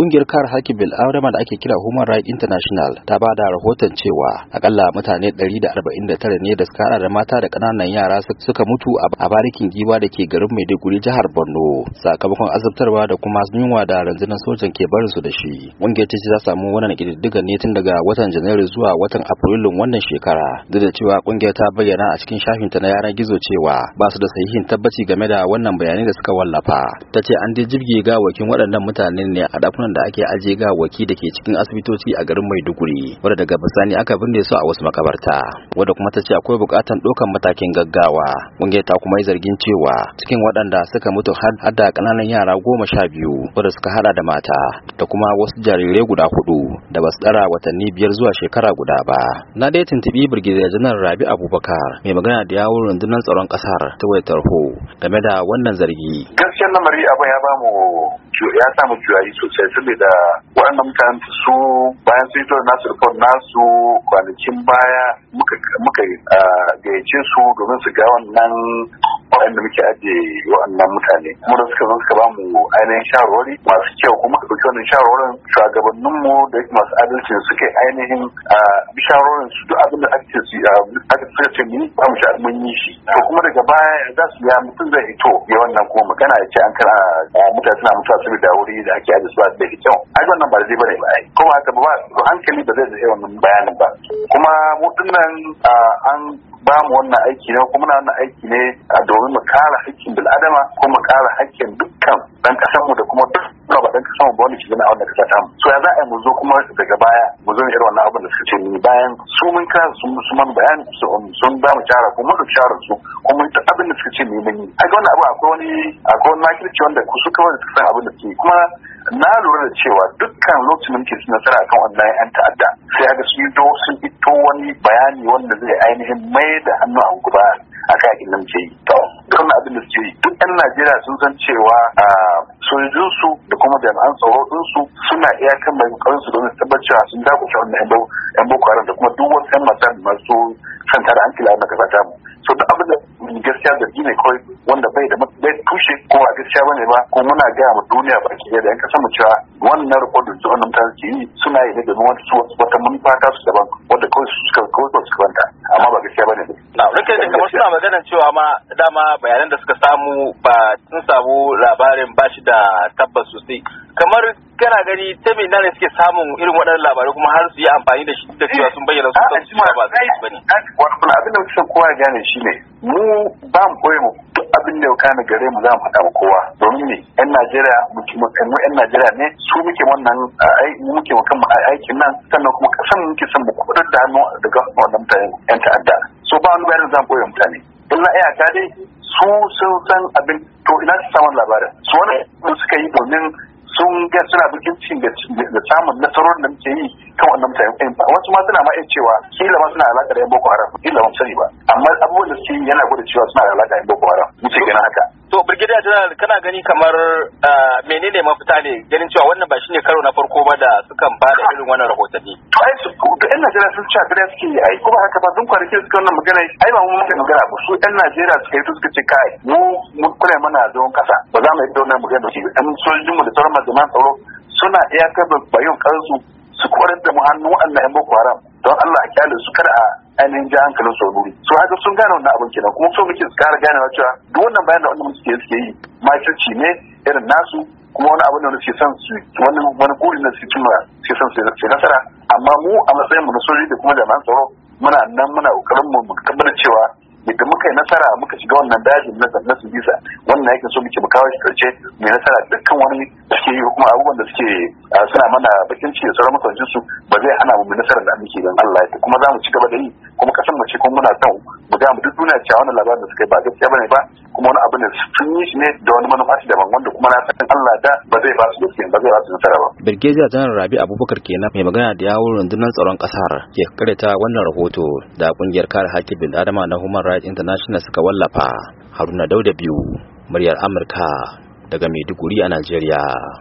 kungiyar kare haƙƙin bil'adama da ake kira Human Rights International ta ba da rahoton cewa akalla mutane 149 ne da suka da mata da ƙananan yara suka mutu a barikin giwa da ke garin Maiduguri jihar Borno sakamakon azabtarwa da kuma yunwa da rundunar sojan ke barin su da shi. Kungiyar ta ce za samu wannan kididdiga ne tun daga watan Janairu zuwa watan Afrilun wannan shekara. Duk da cewa kungiyar ta bayyana a cikin shafinta na yaran gizo cewa ba su da sahihin tabbaci game da wannan bayanai da suka wallafa. Ta ce an dai jibge gawakin waɗannan mutane ne a ɗakunan da ake ajiye gawaki da ke cikin asibitoci a garin Maiduguri wadda daga bisani aka binne su a wasu makabarta wadda kuma ta ce akwai buƙatar ɗaukan matakin gaggawa ƙungiyar ta kuma yi zargin cewa cikin waɗanda suka mutu har da ƙananan yara goma sha biyu wadda suka haɗa da mata da kuma wasu jarirai guda hudu da basu ɗara watanni biyar zuwa shekara guda ba na dai tuntuɓi birgizar janar rabi abubakar mai magana da yawon rundunar tsaron ƙasar ta wayar tarho game da wannan zargi gaskiyar lamari abu ya bamu ya samu juyayi sosai saboda waɗannan mutane su bayan sun fito nasu report nasu kwanakin baya muka ah, gayyace su domin su ga wannan waɗanda muke ajiye waɗannan mutane kuma da suka zo suka ba mu ainihin shawarwari masu kyau kuma ka ɗauki wannan shawarwarin mu da masu adalci suke ainihin bi shawarwarin su duk abin da ake su aka suka ce ni ba mu sha mun yi shi to kuma daga baya za su ya mutum zai hito ya wannan kuma magana ya ce an kana mutane suna mutuwa saboda wuri da ake ajiye su ba da kyau ai wannan ba zai bane ba ai kuma haka ba hankali ba zai zai wannan bayanin ba kuma mu dinnan an ba mu wannan aiki ne kuma wannan aiki ne a domin mu kare haƙƙin bil'adama kuma mu kare haƙƙin dukkan ɗan ƙasar mu da kuma dukkan ba ɗan ƙasar mu ba wani shi na wannan ƙasa tamu so ya za a yi mu zo kuma daga baya mu zo irin wannan abin da suka ce ni bayan su mun kare su su man bayani sun ba mu shara kuma mun shara su kuma duk abin da suka ce ni mun yi a ga wannan abu akwai wani akwai wani makirci wanda su kawai suka san abin da suke kuma na lura da cewa dukkan lokacin da muke nasara akan wannan 'yan ta'adda sai ga su yi sun fito bayani wanda zai ainihin mai da hannu a guba a kakin nan ce to duk abin da suke yi duk yan najeriya sun san cewa sojojinsu da kuma jami'an tsaro ɗinsu suna iyakan mai kansu domin tabbatar cewa sun dakushe wannan yan boko haram da kuma duk wasu yan masu masu kan tara hankali a wannan kasa tamu so duk abin da gaskiya da ne kawai wanda ko ba gaskiya bane ba ko muna gaya ma duniya baki ɗaya da yan kasa mu cewa wannan rikodin da wannan ta yi suna yi ne domin wata manufa ta su daban wadda kawai su suka kawai su amma ba gaskiya bane Nukan da kamar suna magana cewa ma dama bayanan da suka samu ba sun samu labarin ba shi da tabbas sosai. Kamar kana gani ta mai ne suke samun irin waɗannan labarai kuma har su yi amfani da shi da cewa sun bayyana su kan su ba zai bane. Wato abin da muke son kowa gane shi ne mu ba mu koyi mu duk abin da ya kana gare mu za mu haɗa wa kowa domin ne yan Najeriya muke mu yan Najeriya ne su muke wannan muke mu kan aikin nan sannan kuma kasan muke son mu kudar da hannu daga wannan mutane yan ta'adda. so ba wani bayanin zan koya mutane don na iyaka dai su sun san abin to ina su samun labarin su wani suka yi domin sun ga suna bikin cin da samun nasarar da muke yi kan wannan mutane eh, wasu ma suna ma iya cewa kila ma suna alaƙa da yan boko haram kila ban sani ba amma abubuwan da suke yi yana gwada cewa suna da alaƙa da yan boko haram Brigadier General kana gani kamar ah, menene mafita ne ganin cewa wannan ba shine karo na farko ba da suka ba da irin wannan rahotanni. To ai su yan Najeriya sun ci Najeriya suke yi ai kuma haka ba dun kwanaki suka wannan magana ai ba mu muke magana ba su yan Najeriya suka yi suka ce kai mu mu kula mana da don kasa ba za mu yi da wannan magana shi an sojin mu da sauran mazaman tsaro suna iyakar bayon kansu su kwarar da mu hannu wa'annan ya boko haram don Allah a kyale su kada a ainihin ji hankalin sau duri su haka sun gane wannan abin kenan kuma so muke kara ganewa cewa duk wannan bayan da wannan suke suke yi makirci ne irin nasu kuma wani abin da wani suke son su wani wani kuri na suke cimma suke son su nasara amma mu a matsayin mu na sojoji da kuma jami'an tsaro muna nan muna kokarin mu tabbatar cewa yadda muka yi nasara muka shiga wannan dajin na na su bisa wannan yake so muke kawo shi karshe mai nasara dukkan wani da suke yi kuma abubuwan da suke suna mana bakin ciki da sauran mutanen su ba zai hana mu nasara da muke don Allah ya kuma za mu ci gaba da yi kuma kasan mace kuma muna son mu ga mu duk duniya cewa wannan labarin da suka yi ba gaskiya bane ba kuma wani abu ne sun yi shi ne da wani manufa shi daban wanda kuma na san Allah da ba zai ba su gaskiya ba zai ba su nasara ba. Birgeziya Janar Rabi Abubakar kenan mai magana da yawun rundunar tsaron kasar ke karanta wannan rahoto da kungiyar kare hakkin Adama na Human Rights International suka wallafa Haruna Dauda biyu muryar Amurka daga Maiduguri a Najeriya.